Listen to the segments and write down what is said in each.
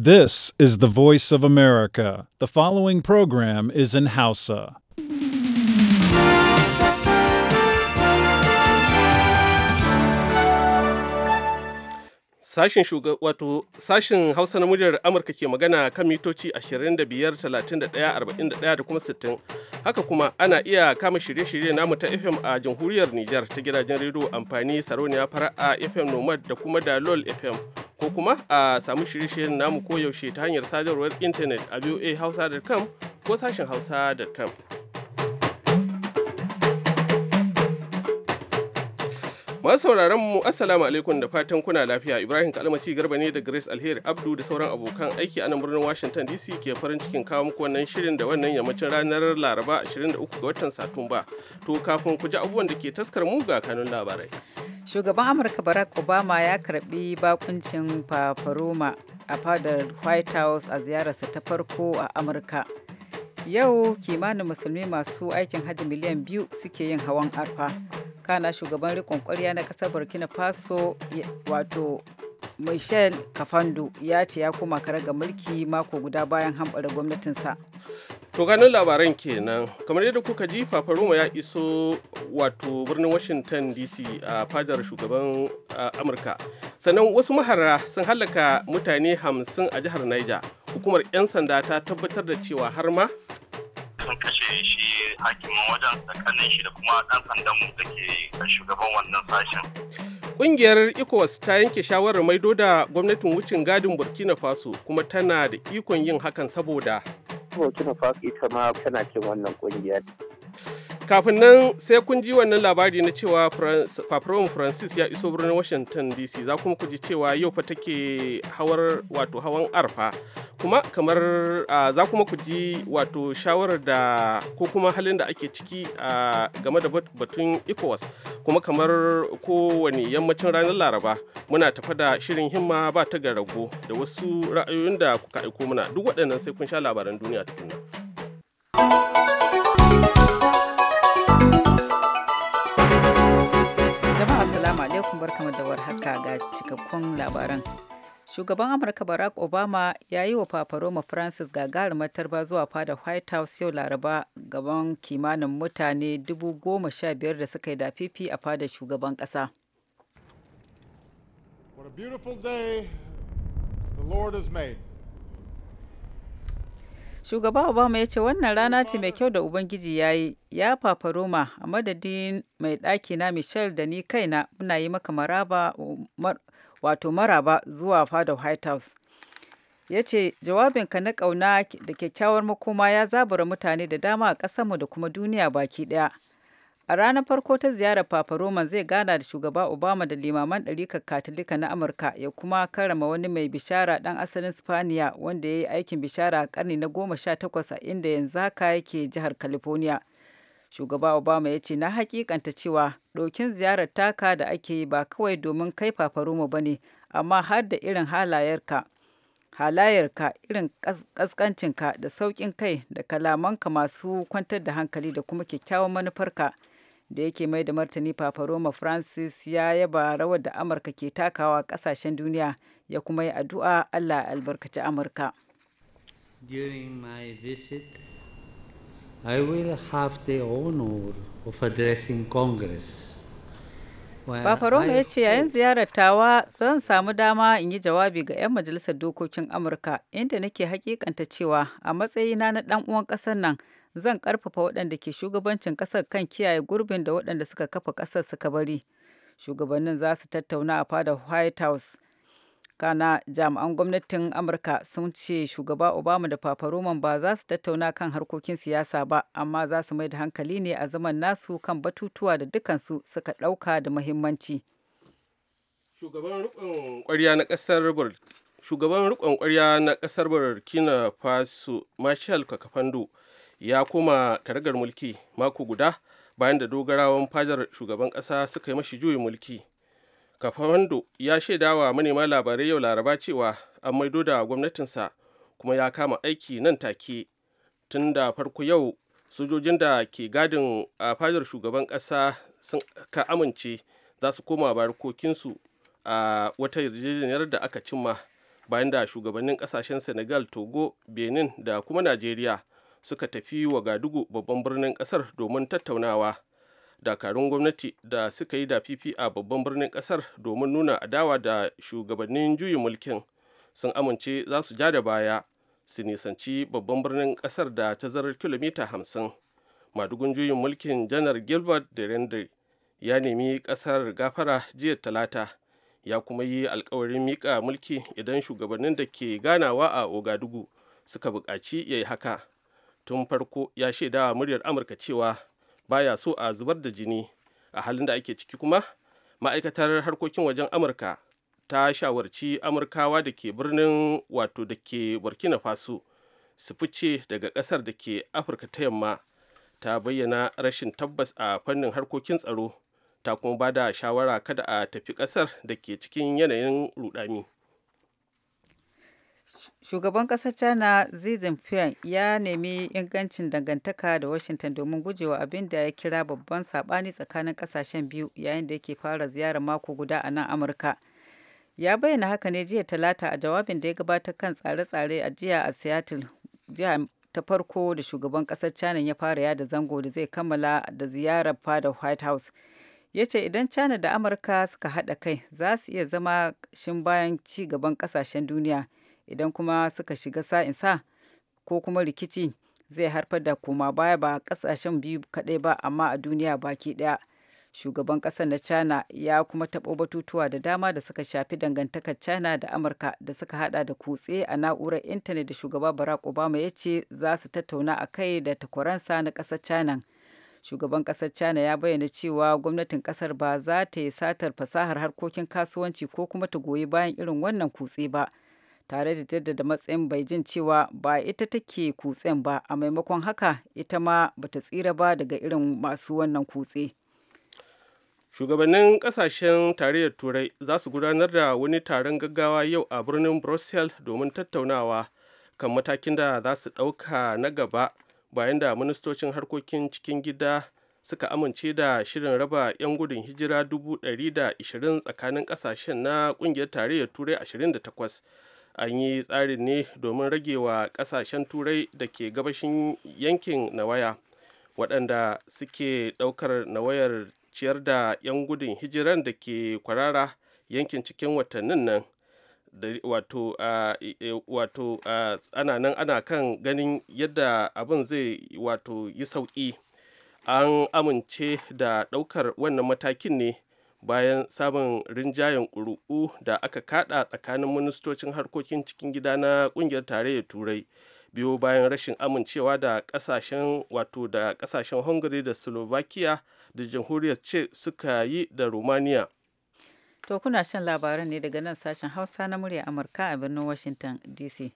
This is the voice of America. The following program is in Hausa. Sashen wato sashen Hausa na muryar Amurka ke magana kan mitoci 25, 31, 41 da kuma 60. Haka kuma ana iya kama shirye-shirye namu ta FM a jamhuriyar Nijar ta gidajen rediyo amfani sarauniya fara'a FM Nomad da kuma Dalol FM. ko kuma a samu shirye-shiryen namu koyaushe ta hanyar sadarwar intanet a voahausa.com ko sashen hausa.com. Masu sauraron mu assalamu alaikum da fatan kuna lafiya Ibrahim Kalmasi Garba ne da Grace Alheri Abdu da sauran abokan aiki a nan birnin Washington DC ke farin cikin kawo muku wannan shirin da wannan yammacin ranar Laraba 23 ga watan Satumba. To kafin ku ji abubuwan da ke taskar mu ga kanun labarai. Shugaban Amurka Barack Obama ya karbi bakuncin Paparoma a fadar White House a ziyararsa ta farko a Amurka. Yau kimanin musulmi masu aikin hajji miliyan biyu suke yin hawan arfa. Kana shugaban riƙon ƙwarya na ƙasar Burkina Faso wato michel kafando ya ce ya koma ga mulki mako guda bayan gwamnatin gwamnatinsa to ganin labaran kenan kamar yadda kuka ji fafaruma ya iso wato birnin washington dc a fadar shugaban amurka sannan wasu mahara sun halaka mutane hamsin a jihar niger hukumar 'yan sanda ta tabbatar da cewa har ma sun kashe shi hakimin wajen tsakanin shi da kuma dan sandan da ke shugaban wannan sashen Ƙungiyar ECOWAS ta yanke shawarar maido da gwamnatin wucin gadin Burkina Faso kuma tana da ikon yin hakan saboda. Burkina Faso ita ma tana cin wannan ƙungiyar. kafin nan sai kun ji wannan labari na cewa paparoma francis ya iso birnin washington dc za kuma ku ji cewa yau fa take hawar wato hawan arfa kuma kamar za kuma ku ji wato shawarar da ko kuma halin da ake ciki game da batun ecowas kuma kamar kowane yammacin ranar laraba muna tafa da shirin himma ba ta ga rago da wasu ra'ayoyin da kuka aiko mana duk waɗannan sai kun sha labaran duniya tukunna. Assalamu alaikum barkamu da warhaka ga cikakkun labaran. Shugaban Amurka Barack Obama ya yi wa Paparoma Francis gagarumar matarba zuwa fada White House yau Laraba gaban kimanin mutane dubu goma sha biyar da suka yi dafifi a fada shugaban ƙasa. What a beautiful day the Lord has made. Shugaba Obama ya ce wannan rana ce mai kyau da Ubangiji ya yi, ya fafa Roma a madadin mai ɗaki na Michelle da ni kaina muna yi maka maraba wato maraba zuwa fadar White House. Ya ce jawabinka na ƙauna da kyakkyawar makoma ya zabura mutane da dama a ƙasarmu da kuma duniya baki ɗaya. a ranar farko ta ziyarar Papa Roman zai gana da shugaba Obama da limaman ɗarikar Katolika na Amurka ya kuma karama wani mai bishara ɗan asalin Spaniya wanda ya yi aikin bishara a ƙarni na goma sha takwas a inda yanzu haka yake jihar California. Shugaba Obama ya ce na hakikanta cewa ɗokin ziyarar taka da ake yi ba kawai domin kai Papa Roma ba ne, amma har da irin halayarka. halayarka irin ƙasƙancinka da sauƙin kai da kalamanka masu kwantar da hankali da kuma kyakkyawan manufarka da yake mai da martani paparoma francis ya yaba rawar da amurka ke takawa kasashen duniya ya kuma yi addu'a allah albarkaci amurka during my visit i have the congress ya ce yayin ziyarar tawa zan samu dama in yi jawabi ga 'yan majalisar dokokin Amurka inda nake hakikanta cewa a matsayina na ɗan uwan ƙasar nan zan karfafa waɗanda ke shugabancin ƙasar kan kiyaye gurbin da waɗanda suka kafa ƙasar suka bari shugabannin za su tattauna a fadar white house kana jami'an gwamnatin amurka sun ce shugaba obama da papa roman ba za su tattauna kan harkokin siyasa ba amma za su mai da hankali ne a zaman nasu kan batutuwa da dukansu suka ɗauka da muhimmanci shugaban rukon kwarya na ƙasar na ƙasar burkina faso marshal kakafando ya koma karagar mulki mako guda bayan da dogarawan fadar shugaban kasa suka yi mashi juyin mulki kafawando ya shaidawa manema labarai yau laraba cewa an maido da gwamnatinsa kuma ya kama aiki nan take tun da farko yau sojojin da ke gadin a fadar shugaban kasa sun ka amince za su koma barkokinsu a wata yarjejeniyar da aka cimma bayan da shugabannin kasashen senegal togo benin da kuma najeriya suka tafi wagadugu babban birnin kasar domin tattaunawa dakarun gwamnati da suka yi da fifi a babban birnin kasar domin nuna adawa da shugabannin juyin mulkin sun amince za su ja da baya su nisanci babban birnin kasar da tazarar kilomita hamsin madugun juyin mulkin janar gilbert da rendry ya nemi kasar gafara jiya talata ya kuma yi alkawarin mika mulki idan shugabannin da ke ganawa a ogadugu suka buƙaci ya yi haka tun farko ya shaida muryar amurka cewa baya so a zubar da jini a halin da ake ciki kuma ma'aikatar harkokin wajen amurka ta shawarci amurkawa da ke birnin wato da ke burkina faso su fice daga kasar da ke afirka ta yamma ta bayyana rashin tabbas a fannin harkokin tsaro ta kuma ba da shawara kada a tafi kasar da ke cikin yanayin rudami. shugaban ƙasar china xi jinping ya nemi ingancin dangantaka da washington domin gujewa abin da ya kira babban saɓani tsakanin ƙasashen biyu yayin da yake fara ziyarar mako guda a nan amurka ya bayyana haka ne jiya talata a jawabin da ya gabatar kan tsare-tsare a jiya a seattle jiya ta farko da shugaban ƙasar china ya fara yada zango da zai kammala da ziyarar fada white house ya ce idan china da amurka suka haɗa kai za su iya zama shin bayan ci gaban ƙasashen duniya idan kuma suka shiga sa'insa ko kuma rikici zai haifar da koma baya ba kasashen biyu kadai ba amma a duniya baki daya shugaban kasar na china ya kuma taɓo batutuwa da dama da suka shafi dangantakar china da amurka da suka hada da kutse a na'urar intanet da shugaba barack obama ya ce za su tattauna a kai da takwaransa na ƙasar china shugaban ƙasar china ya bayyana cewa gwamnatin kasar ba za ta yi satar fasahar harkokin kasuwanci ko kuma ta goyi bayan irin wannan kutse ba tare da jaddada matsayin Beijing cewa ba ita take kutsen ba a maimakon haka ita ma bata tsira ba daga irin masu wannan kutse. Shugabannin kasashen tarayyar Turai za su gudanar da wani taron gaggawa yau a birnin Brussels domin tattaunawa kan matakin da za su ɗauka na gaba bayan da ministocin harkokin cikin gida suka amince da shirin raba 'yan gudun hijira 120 tsakanin kasashen na ƙungiyar tarayyar Turai 28 an yi tsarin ne domin rage wa kasashen turai da ke gabashin yankin nawaya waɗanda suke ɗaukar nawayar ciyar da 'yan gudun hijiran da ke kwarara yankin cikin watannin nan wato e, wato ana ana kan ganin yadda abin zai wato yi sauƙi an amince da ɗaukar wannan matakin ne bayan sabon rinjayen ƙuri'u da aka kada tsakanin ministocin harkokin cikin gida na ƙungiyar tarayyar turai biyo bayan rashin amincewa da ƙasashen wato da ƙasashen hungary da slovakia da jamhuriyar ce suka yi da romania to kuna shan labaran ne daga nan sashen hausa na murya amurka a birnin washington dc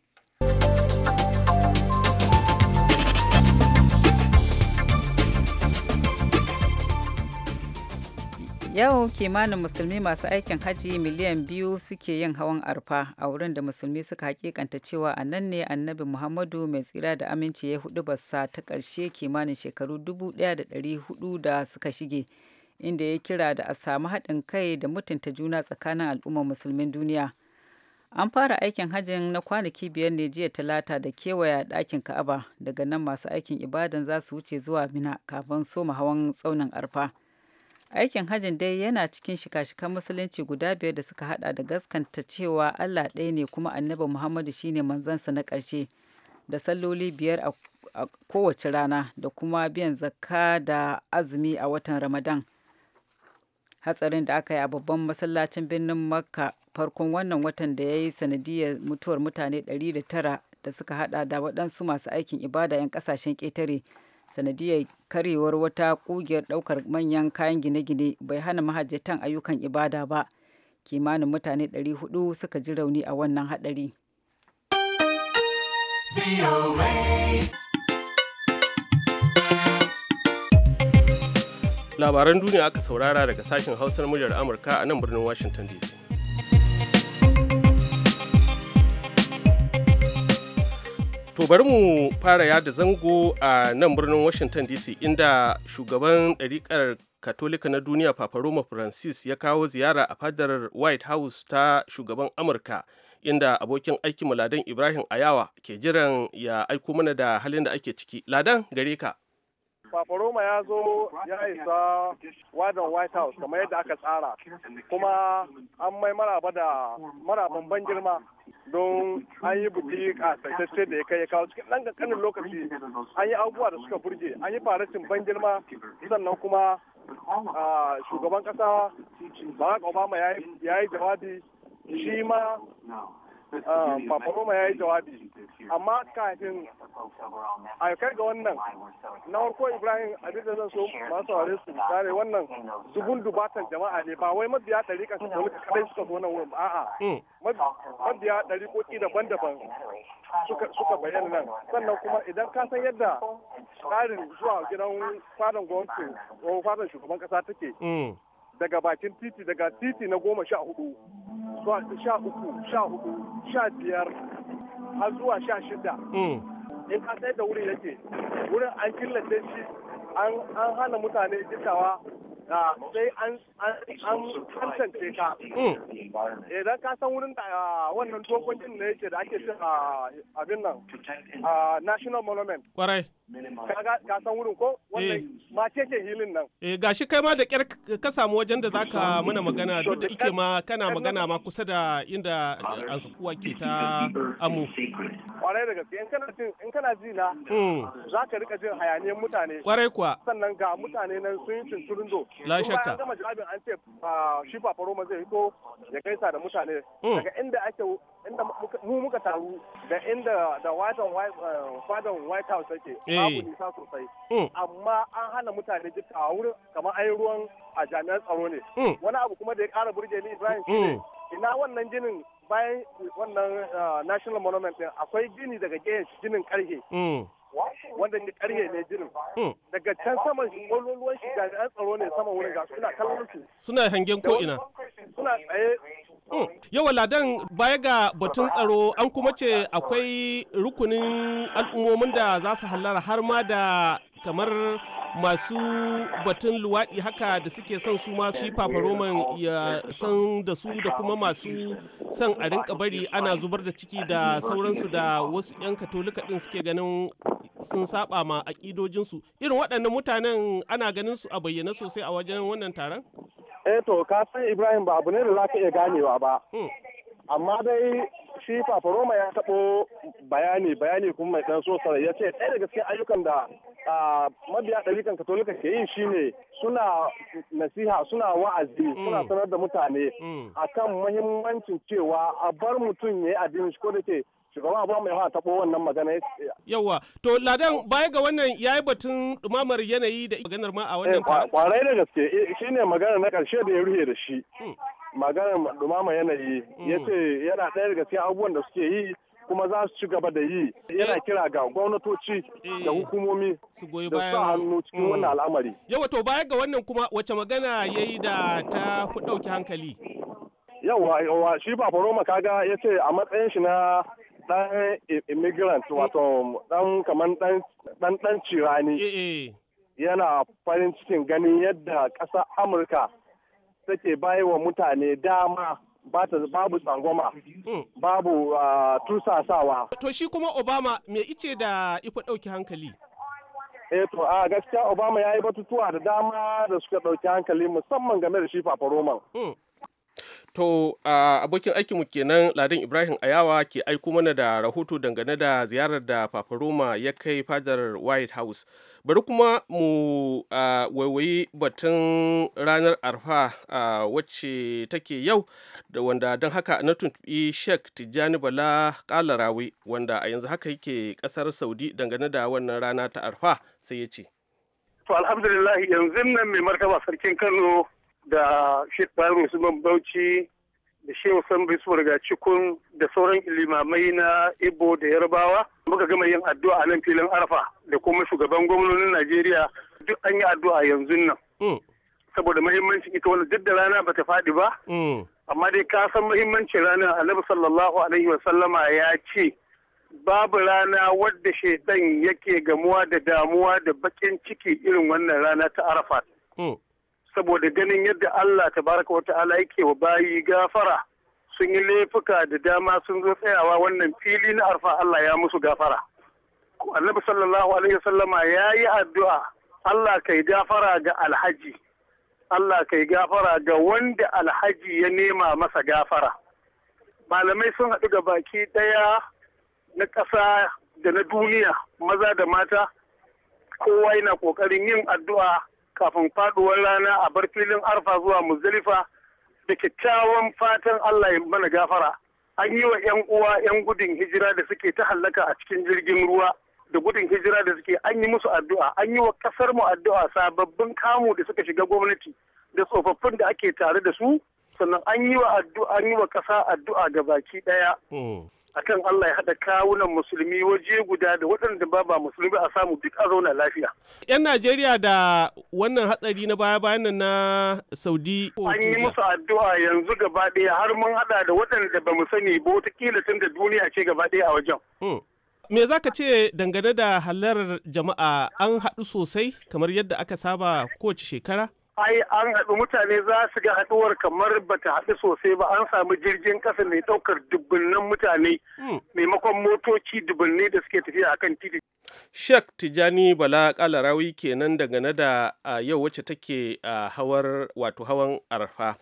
Yau kimanin musulmi masu aikin haji miliyan biyu suke yin hawan arfa a wurin da musulmi suka hakikanta cewa a nan ne annabi Muhammadu mai tsira da aminci ya hudu basa ta karshe kimanin shekaru dubu 1400 da suka shige, inda ya kira da a samu haɗin kai da mutunta juna tsakanin al'ummar musulmin duniya. An fara aikin hajjin na kwanaki biyar ne jiya talata da kewaya ɗakin Ka'aba daga nan masu aikin ibadan za su wuce zuwa Mina kafin soma hawan tsaunin arfa. Aikin hajjin dai yana cikin shika-shikan musulunci guda biyar da suka hada da gaskanta cewa Allah ɗaya ne kuma annabi Muhammadu shine manzansa na ƙarshe da salloli biyar a kowace rana da kuma biyan zakka da azumi a watan Ramadan. Hatsarin da aka yi a babban masallacin birnin Makka farkon wannan watan da ya yi sanadiyar mutuwar mutane 109 da suka hada da waɗansu masu aikin ibada 'yan ƙasashen ƙetare. sanadiyar karewar wata kugiyar daukar manyan kayan gine-gine bai hana mahajjatan ayyukan ibada ba kimanin mutane 400 suka ji rauni a wannan hadari labaran duniya aka saurara daga sashen hausar muryar amurka a nan birnin washington dc To bari mu fara yada zango a nan birnin Washington DC inda shugaban ɗariƙar Katolika na duniya Papa Roma Francis ya kawo ziyara a fadar White House ta shugaban Amurka inda abokin aikin Ladan Ibrahim Ayawa ke jiran ya aiko mana da halin da ake ciki. Ladan gare ka. Faforoma ya zo ya isa wadan White House kamar yadda aka tsara kuma an mai maraba da maraban ban girma don an yi buki kasaitacce da ya kai ya kawo cikin ɗan ƙanƙanin lokaci an yi abubuwa da suka burge an yi farashin ban girma sannan kuma shugaban ƙasa Barack Obama ya yi jawabi shi ma Ah, Papa Roma ya yi jawabi amma kafin a kai ga wannan na farko Ibrahim abin zan so masu saurare su kare wannan zubun dubatan jama'a ne ba wai mabiya ɗari kan su kadai suka zo nan wurin a'a hmm. mabiya ɗari ki daban-daban suka bayyana nan sannan kuma idan ka san yadda tsarin zuwa gidan fadan gwamnati ko fadan shugaban kasa take hmm. daga bakin titi daga titi na goma sha hudu sha uku sha hudu sha biyar har zuwa sha shida mm. in ka sai da wuri yake wurin an killace shi an hana mutane gittawa Ah, sai an tantance ka idan hmm. eh, ka san wurin da ah, wannan dokokin ne yake da ake cin ah, abin nan national monument kwarai ka san wurin ko eh. wannan ma ke hilin nan eh gashi kai ma da kyar ka samu wajen da zaka mana magana duk da ike ma kana magana ma kusa da inda eh, ansukuwa ke ta amu kwarai daga gaske in kana jin in kana ji na hmm. zaka rika jin hayaniyar mutane kwarai kuwa sannan ga mutane nan sun yi tunturin la shakka gama jawabin an ce shi faro Roma zai hito ya sa da mutane hmm. daga inda ake inda mu muka taru da inda da watan eh, fadan White House yake eh. babu nisa sosai hmm. amma an hana mutane jika wurin kamar ayi ruwan a jami'an tsaro ne hmm. wani abu kuma da ya kara burge ni Ibrahim ina wannan ginin bayan wannan eh, National Monument akwai gini daga gehen ginin karhe wanda ke karye ne jirin hmm. daga can saman ruwan shi jami'an tsaro ne saman wurin ga suna kallon su suna hangen ko ina suna tsaye hmm. Yawa ladan baya ga batun tsaro an kuma ce akwai rukunin al'ummomin da za su hallara har ma da kamar masu batun luwaɗi haka da suke son su ma shi fafaroman ya san da su da kuma masu son a rinka bari ana zubar da ciki da sauransu da wasu 'yan katolika ɗin suke ganin sun saba ma aƙidojinsu irin waɗannan mutanen ana ganin su a bayyana sosai a wajen wannan taron? eh to ka san ibrahim ba abu ne da za ka iya ganewa ba hmm. amma dai shi fafaroma ya taɓo bayani bayani kuma mai ɗan sosai ya ce ɗaya daga cikin ayyukan da mabiya ɗarikan katolika ke yin ne suna nasiha suna wa'azi mm. suna sanar da mutane mm. a kan muhimmancin cewa a bar mutum ya yi addini shi ko da ke shugaban abuwa mai hawa taɓo wannan magana yawa to ladan baya ga wannan ya yi batun dumamar yanayi da maganar ma a wannan eh, kwarai da gaske eh, shine magana na ƙarshe da ya ruhe da shi mm. maganar dumama yanayi mm. ya ce yana ɗaya daga cikin abubuwan da suke yi kuma za su ci gaba da yi yana eh. kira ga gwamnatoci da eh. hukumomi da bayan hannu cikin wannan mm. al'amari. Yawa to baya ga wannan kuma wace magana ya yi da ta ɗauki hankali? Yawa shi ba Roma ga ya ce a matsayin shi na ɗan immigrant eh. wato ɗan kamar ɗan ɗan cirani. Yana farin cikin ganin yadda ƙasar Amurka take wa mutane dama babu tsangwama hmm. babu ah, tursasawa. To shi kuma Obama me ice da ifa ɗauki hankali? E, to a gaskiya Obama ya yi batutuwa da dama da suka ɗauki hankali musamman game da shi Papa To abokin aikinmu kenan Ladin Ibrahim Ayawa ke aiko mana da rahoto dangane da ziyarar da Paparoma ya kai fadar White House. Bari kuma mu waiwayi batun ranar arfa wacce take yau da wanda don haka na tuntubi Sheikh Tijjani Bala Kalarawi wanda a yanzu haka yake kasar Saudi dangane da wannan rana ta arfa sai ya ce. To alhamdulillah yanzu nan mai martaba sarkin Kano da shekaru su bauchi da shehu sambai su daga cikun da sauran limamai na ibo da yarbawa muka gama yin addu'a a nan filin arafa da kuma shugaban gwamnonin najeriya duk an yi addu'a yanzu nan mm. saboda mahimmancin ita wani duk da rana bata faɗi ba mm. amma dai ka san mahimmancin rana annabi sallallahu alaihi wa sallama ya ce babu rana wadda shaidan yake gamuwa da damuwa da bakin ciki irin wannan rana ta arafa mm. saboda ganin yadda Allah tabaraka wa ta'ala yake wa bayi gafara sun yi laifuka da dama sun zo tsayawa wannan fili na arfa Allah ya musu gafara annabi sallallahu alaihi wasallama ya yi addu'a Allah kai gafara ga alhaji Allah kai gafara ga wanda alhaji ya nema masa gafara malamai sun haɗu ga baki ɗaya na ƙasa da na duniya maza da mata kowa yana ƙoƙarin yin addu'a kafin faduwar rana a bar filin arfa zuwa muzdalifa da kyakkyawan fatan Allah ya mana gafara an yi wa 'yan uwa 'yan gudun hijira da suke ta hallaka a cikin jirgin ruwa da gudun hijira da suke an yi musu addu'a an yi wa kasar mu addu'a sababbin kamu da suka shiga gwamnati da tsofaffin da ake tare da su sannan an yi wa addu'a an yi wa kasa addu'a ga baki daya mm. akan Allah ya haɗa kawunan musulmi waje guda da waɗanda ba ba musulmi a samu duk a zauna lafiya. 'Yan Najeriya da wannan hatsari na baya bayan nan na Saudi. An yi musu addu'a yanzu gaba ɗaya har mun haɗa da waɗanda ba mu sani ba watakila tun da duniya ce gaba ɗaya a wajen. Hmm. Me za ka ce dangane da halarar jama'a an haɗu sosai kamar yadda aka saba kowace shekara? ai an haɗu mutane za su ga haɗuwar kamar bata haɗu sosai ba an samu jirgin ƙasa mai ɗaukar dubunnan mutane hmm. maimakon motoci dubbunne da suke tafiya akan titi. Shek Tijani Bala Kalarawi kenan daga dangane da yau wacce take hawar wato hawan arfa.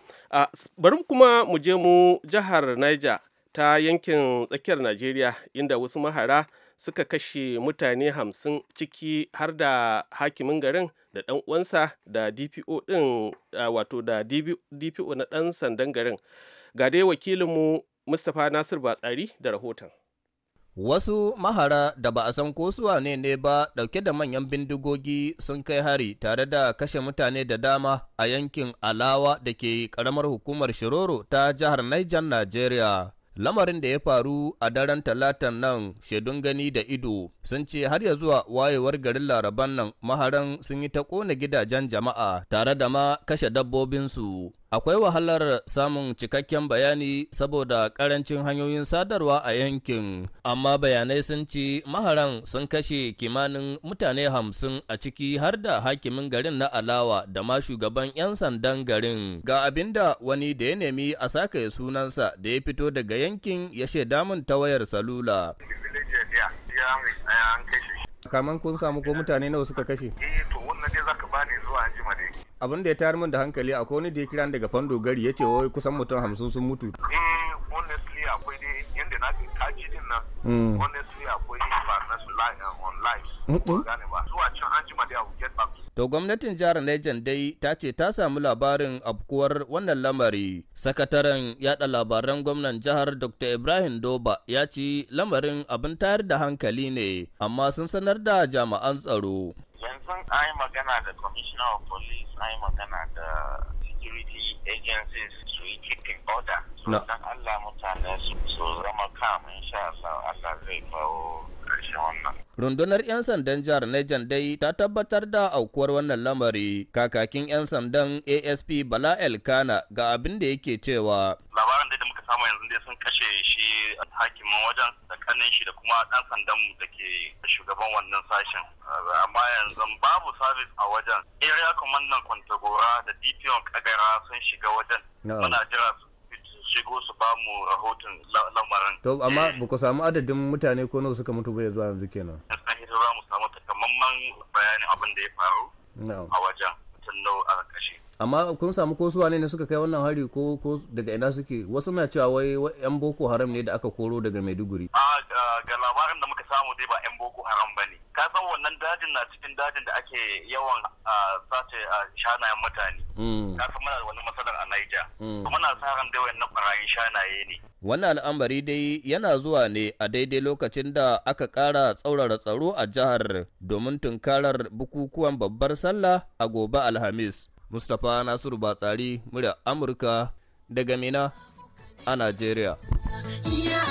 Bari kuma mu je mu jihar Niger ta yankin tsakiyar Najeriya inda wasu mahara suka kashe mutane hamsin ciki har da hakimin garin da ɗan uwansa da dpo din wato da dpo na ɗan sandan garin ga dai wakilinmu mustapha nasir batsari da rahoton Wasu mahara da ba a san ko suwa ne ne ba dauke da manyan bindigogi sun kai hari tare da kashe mutane da dama a yankin Alawa da ke karamar hukumar Shiroro ta jihar Niger, Najeriya. lamarin da ya faru a daren talatan nan shaidun gani da ido sun ce har ya zuwa wayewar garin laraban nan maharan sun yi ta kona gidajen jama'a tare da ma kashe dabbobinsu Akwai wahalar samun cikakken bayani saboda ƙarancin hanyoyin sadarwa a yankin, amma bayanai sun ci maharan sun kashe kimanin mutane hamsin a ciki har da hakimin garin na Alawa da ma shugaban 'yan sandan garin. Ga abin wani da ya nemi a saka sunansa da ya fito daga yankin ya shaida min ta wayar salula. Kaman kun samu ko mutane nawa suka kashe? Eh, to wannan dai zaka bani zo abin da ya tayar min da hankali akwai wani da ya kiran daga fando gari ya ce wai kusan mutum hamsin sun mutu eh honestly akwai dai yadda na ke kaji din nan hmm. honestly akwai ba na su on live gane ba zuwa can an jima dai abu get back To gwamnatin jihar Niger dai ta ce ta samu labarin afkuwar wannan lamari. Sakataren yada labaran gwamnan jihar Dr. Ibrahim Doba ya ce lamarin abin tayar da hankali ne, amma sun sanar da jami'an tsaro. sun an yi magana da commissioner of police an yi magana da security agencies su yi keeping order Allah mutane su zama kam insha Allah Allah zai kawo karshe wannan. Rundunar 'yan sandan jihar Niger dai ta tabbatar da aukuwar wannan lamari kakakin 'yan sandan ASP Bala Elkana ga abin da yake cewa. Labarin da muka samu yanzu dai sun kashe shi hakimin wajen tsakanin shi da kuma ɗan sandan mu da ke shugaban wannan sashen. Amma yanzu babu sabis a wajen. Area Commandant Kwantagora da DPO Kagara sun shiga wajen. Muna jira su shigo su ba mu rahoton lamarin. To amma eh. ba ku samu adadin mutane ko nawa suka mutu ba zuwa yanzu kenan. Gaskiya hita za mu samu takamaiman bayanin abin da ya faru a wajen mutum nau a Amma kun samu ko suwa ne suka kai wannan hari ko ko daga ina suke wasu na cewa wai yan Boko Haram ne da aka koro daga Maiduguri. A ga labarin da muka samu dai ba yan Boko Haram ba ne. ka san wannan dajin na cikin dajin da ake yawan a sace a shanayen mutane hmm. ka san muna wani matsalar a Naija. Hmm. kuma na sa ran dai wannan barayin shanaye ne wannan al'amari dai yana zuwa ne a daidai lokacin da aka ƙara tsaurara tsaro a jihar domin tunkarar bukukuwan babbar sallah a gobe alhamis mustapha nasiru batsari murya amurka daga mina a najeriya yeah,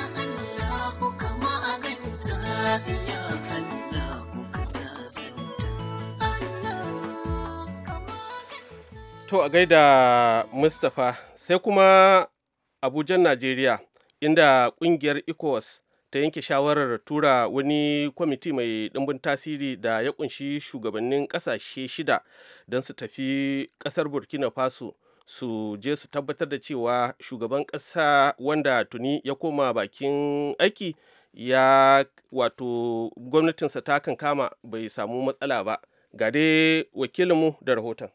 To a gaida Mustapha sai kuma Abujan Najeriya inda kungiyar ECOWAS ta yanke shawarar tura wani kwamiti mai ɗimbin tasiri da ya kunshi shugabannin ƙasashe shida don su tafi ƙasar Burkina Faso su je su tabbatar da cewa shugaban ƙasa wanda tuni ya koma bakin aiki ya wato gwamnatinsa ta kankama kama bai samu matsala ba. gare wakilinmu da rahoton.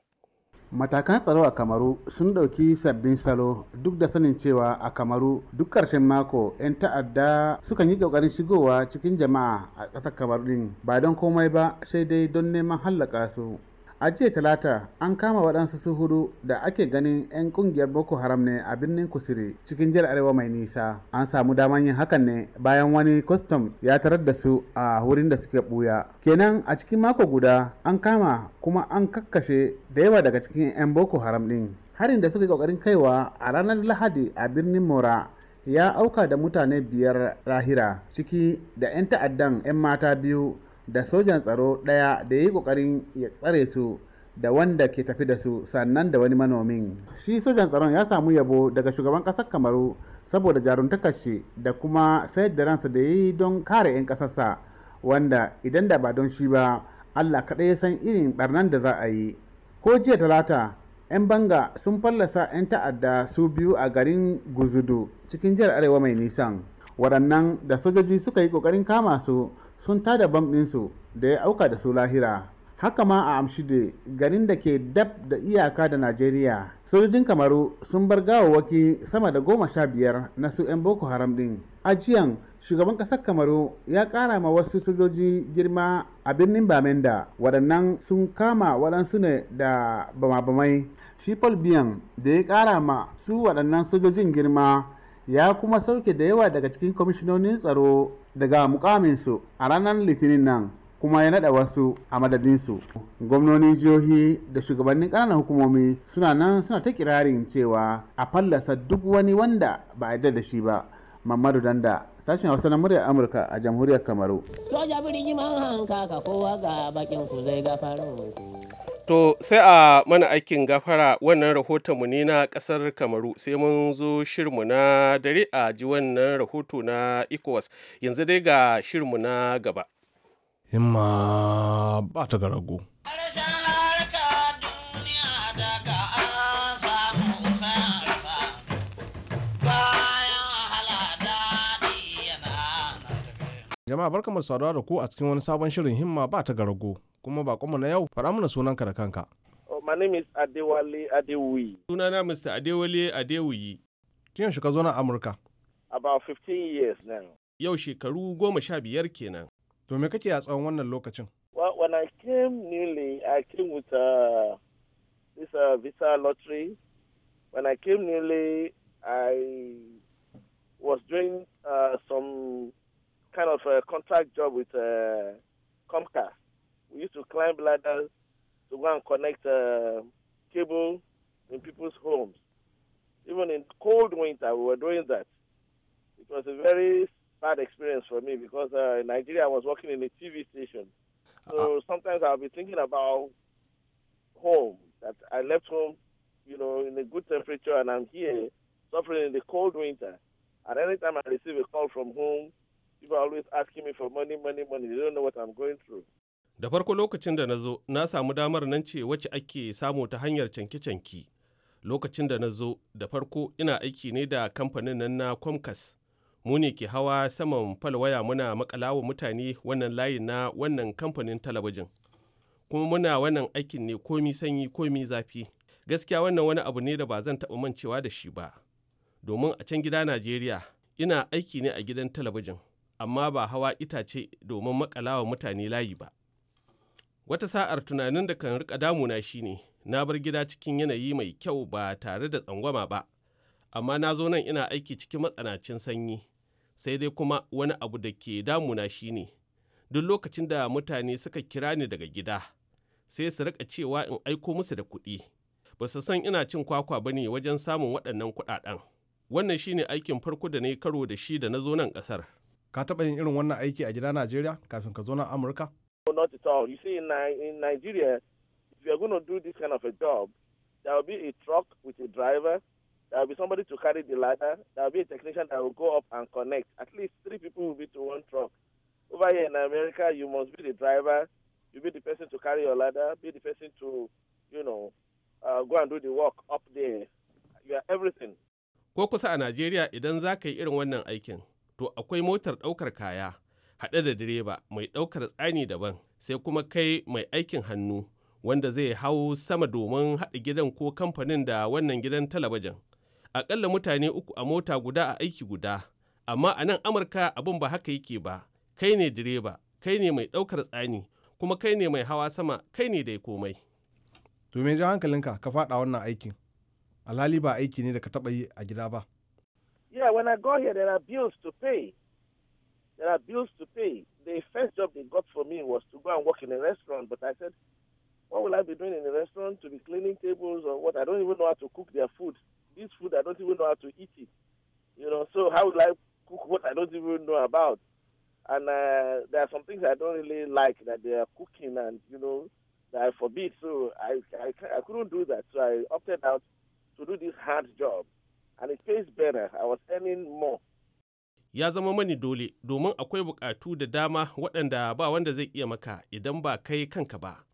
matakan tsaro a kamaru sun ɗauki sabbin salo duk da sanin cewa a kamaru duk ƙarshen mako 'yan ta'adda sukan yi ƙoƙarin shigowa cikin jama'a a ƙasar kamaru ɗin ba don komai ba sai dai don neman hallaka su a jiya talata an kama waɗansu su hudu da ake ganin 'yan ƙungiyar boko haram ne a birnin Kusiri cikin jihar arewa mai nisa an samu daman yin hakan ne bayan wani kwastam ya tarar da su a wurin da suke ɓuya kenan a cikin mako guda an kama kuma an kakkashe da yawa daga cikin 'yan boko haram ɗin harin da suka yi ƙoƙarin kaiwa a ranar lahadi a birnin mora ya auka da mutane biyar rahira ciki da 'yan ta'addan 'yan mata biyu da sojan tsaro ɗaya da ya yi ƙoƙarin ya tsare su da wanda ke tafi da su sannan da wani manomin shi sojan tsaron ya samu yabo daga shugaban ƙasar kamaru saboda jaruntakar shi da kuma sayar da ransa da ya yi don kare 'yan ƙasarsa wanda idan da ba don shi ba allah kaɗai ya san irin ɓarnan da za a yi ko jiya talata 'yan banga sun fallasa 'yan ta'adda su biyu a garin guzudu cikin jihar arewa mai nisan waɗannan da sojoji suka yi ƙoƙarin kama su sun tada bam ɗinsu da ya auka da su lahira haka ma a amshide garin da ke dab da iyaka da najeriya sojojin kamaru sun bar gawawwaki sama da goma sha biyar na su 'yan boko haram din ajiyan shugaban kasar kamaru ya ƙara ma wasu sojoji girma a birnin bamenda waɗannan sun kama waɗansu ne da bama-bamai shi paul biyan da ya ƙara ma su waɗannan sojojin girma ya kuma sauke da yawa daga cikin kwamishinonin tsaro daga mukaminsu a ranar litinin nan kuma ya nada wasu a madadinsu gwamnonin jihohi da shugabannin ƙananan hukumomi suna nan suna ta kirarin cewa a fallasa duk wani wanda ba a da shi ba mamadu danda sashen hausa na muryar amurka a jamhuriyar kamaru soja birni man hanka ka kowa ga bakin ku zai gafarin To sai a mana aikin gafara wannan rahotonmu ne na ƙasar Kamaru sai mun zo shirmu na dare a ji wannan rahoto na ECOWAS yanzu dai ga shirmu na gaba. Himma ba ta ga rago. Jama'a barkamu saduwa da ku a cikin wani sabon shirin himma ba ta ga rago kuma bakonmu na yau fara mana sunan ka da kanka. Oh, my name is Adewale Adewuyi. Sunana Mr. Adewale Adewuyi. Tun yaushe ka zo na Amurka? About 15 years now. Yau shekaru goma sha biyar kenan. To me kake a tsawon wannan lokacin? Well, when I came newly, I came with a, uh, this a uh, visa lottery. When I came newly, I was doing uh, some kind of a contract job with uh, Comcast. We used to climb ladders to go and connect uh, cable in people's homes. Even in cold winter, we were doing that. It was a very bad experience for me because uh, in Nigeria, I was working in a TV station. So uh, sometimes I'll be thinking about home, that I left home, you know, in a good temperature and I'm here suffering in the cold winter. And anytime I receive a call from home, people are always asking me for money, money, money. They don't know what I'm going through. da farko lokacin da na zo na samu damar nan ce wacce ake samu ta hanyar canke-canke lokacin da na zo da farko ina aiki ne da kamfanin nan na comcast mu ne ke hawa saman falwaya muna makalawa mutane wannan layi na wannan kamfanin talabijin kuma muna wannan aikin ne komi sanyi komi zafi gaskiya wannan wani abu ne da ba zan taɓa mancewa da shi ba domin a can gida najeriya ina aiki ne a gidan talabijin amma ba hawa itace domin makalawa mutane layi ba wata sa'ar tunanin da kan rika damuna shine na bar gida cikin yanayi mai kyau ba tare da tsangwama ba amma na zo nan ina aiki cikin matsanancin sanyi sai dai kuma wani abu da ke damuna shi ne. duk lokacin da mutane suka kira ni daga gida sai su rika cewa in aiko musu da kuɗi ba su san ina cin kwakwa ba ne wajen samun waɗannan kuɗaɗen wannan shi ne aikin farko da na yi karo da shi da na zo nan ƙasar ka taɓa yin irin wannan aiki a gida najeriya kafin ka zo nan amurka not at all. You see, in, in Nigeria, if you're going to do this kind of a job, there will be a truck with a driver, there will be somebody to carry the ladder, there will be a technician that will go up and connect. At least three people will be to one truck. Over here in America, you must be the driver, you be the person to carry your ladder, be the person to, you know, uh, go and do the work up there. You are everything. Ko kusa a Najeriya idan za ka yi irin wannan aikin, to akwai motar ɗaukar kaya. haɗe da direba mai ɗaukar tsani daban sai kuma kai mai aikin hannu wanda zai hau sama domin haɗa gidan ko kamfanin da wannan gidan talabijin. Aƙalla mutane uku a mota guda a aiki guda, amma a nan Amurka abin ba haka yake ba, kai ne direba, kai ne mai ɗaukar tsani, kuma kai ne mai hawa sama, kai ne dai komai. To me ja hankalinka ka faɗa wannan aikin? Alhali ba aiki ne da ka taɓa yi a gida ba. Yeah, when I got here, there are bills to pay. There are bills to pay. The first job they got for me was to go and work in a restaurant, but I said, what will I be doing in a restaurant? To be cleaning tables or what? I don't even know how to cook their food. This food, I don't even know how to eat it. You know, so how would I cook what I don't even know about? And uh, there are some things I don't really like that they are cooking and, you know, that I forbid. So I, I, I couldn't do that. So I opted out to do this hard job. And it pays better. I was earning more ya zama mani dole domin akwai bukatu da dama waɗanda ba wanda zai iya maka idan ba kai kanka ba.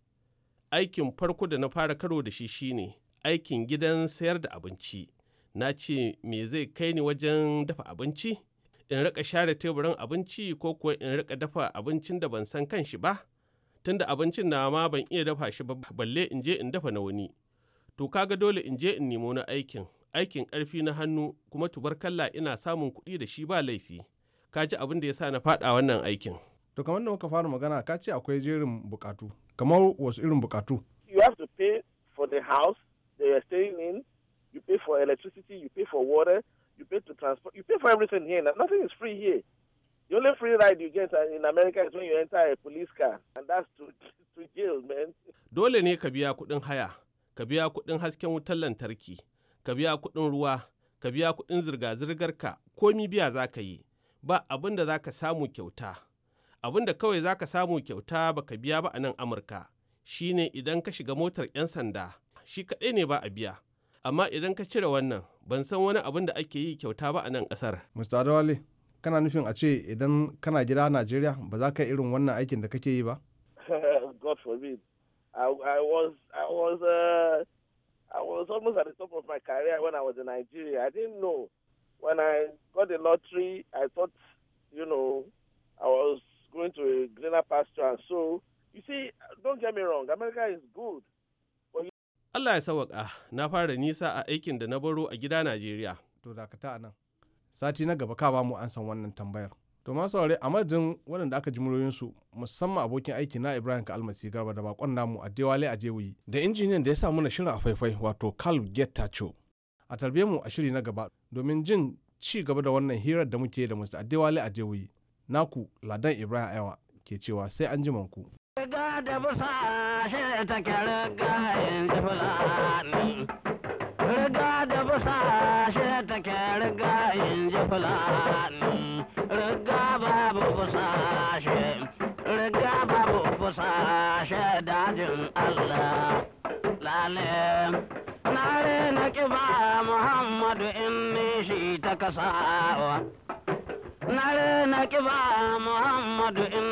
Aikin farko da na fara karo da shi shine aikin gidan sayar da abinci. Na ce me zai kai ni wajen dafa abinci? In rika share teburin abinci ko kuwa in rika dafa abincin da ban san kan shi ba? Tunda abincin na ma ban iya dafa shi ba balle in je in dafa na wani. To kaga dole in je in nemo na aikin aikin ƙarfi na hannu kuma tubarkalla ina samun kuɗi da shi ba laifi ka ji abin da ya sa na faɗa wannan aikin to kamar da muka fara magana ka ce akwai jerin bukatu kamar wasu irin bukatu you have to pay for the house that you are staying in you pay for electricity you pay for water you pay to transport you pay for everything here nothing is free here the only free ride you get uh, in america is when you enter a police car and that's to, to jail man dole ne ka biya kuɗin haya ka biya kuɗin hasken wutar lantarki ka biya kuɗin ruwa ka biya kuɗin zirga zirgar ka komi biya za ka yi ba abin da za ka samu kyauta abin da kawai za ka samu kyauta ba ka biya ba a nan amurka shine idan ka shiga motar 'yan sanda shi kaɗai ne ba a biya amma idan ka cire wannan ban san wani abin da ake yi kyauta ba a nan ƙasar. Mr. Adewale, kana nufin a ce idan kana gida a Najeriya ba za ka irin wannan aikin da kake yi ba? God forbid. I, I was, I uh, I was almost at the top of my career when I was in Nigeria. I didn't know. When I got the lottery, I thought, you know, I was going to a greener pasture. And so, you see, don't get me wrong, America is good. Allah ya sawaƙa na fara nisa a aikin da na baro a gida Najeriya. To dakata a nan. Sati na gaba ka ba mu an san wannan tambayar. to ma saurare a madadin waɗanda aka ji muryoyinsu musamman abokin aiki na ibrahim ka almasi garba da bakon namu a dewale a jewuyi da injiniyan da ya samu na shirin a faifai wato carl gettacho a tarbe mu a shiri na gaba domin jin ci gaba da wannan hirar da muke da a dewale a jewuyi naku ladan ibrahim ayawa ke cewa sai an ji manku. Riga da busa shi ta riga in ji fulani. musa shaidajin Allah lalim na na kiba Muhammadu in shi ta kasawa na na kiba Muhammadu in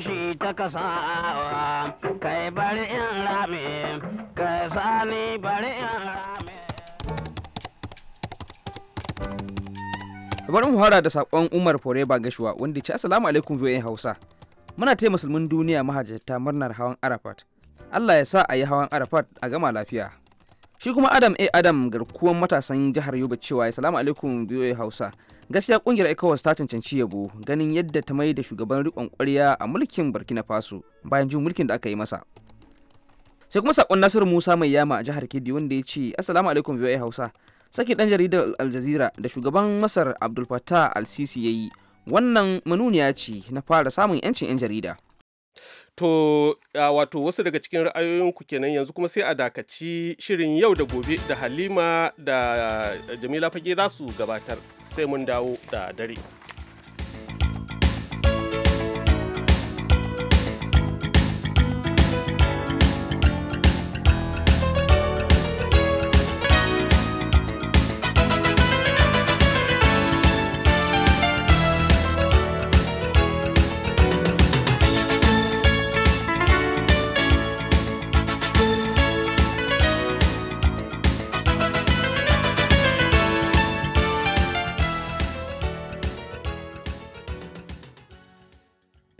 shi ta kasawa kai bari in rame kai sani bari in rame bari mu fara da saƙon Umar Foreba Gashuwa wanda ce assalamu alaikum VOA Hausa muna taya musulmin duniya mahajjata murnar hawan arafat allah ya sa a yi hawan arafat a gama lafiya shi kuma adam a eh, adam garkuwan matasan jihar yobe cewa ya salamu alaikum biyoyi hausa gaskiya kungiyar ecowas ta cancanci yabo ganin yadda ta mai da shugaban rikon kwarya a mulkin burkina faso bayan jin mulkin da aka yi masa sai kuma sakon nasiru musa mai yama a jihar kebbi wanda ya ce assalamu alaikum biyoyi hausa saki dan jaridar aljazira da shugaban masar abdul fattah al-sisi ya yi wannan manuniya ce na fara samun 'yancin 'yan jarida To wato wasu daga cikin ra'ayoyinku kenan yanzu kuma sai a dakaci shirin yau da gobe da Halima da Jamila Fage za su gabatar sai mun dawo da dare.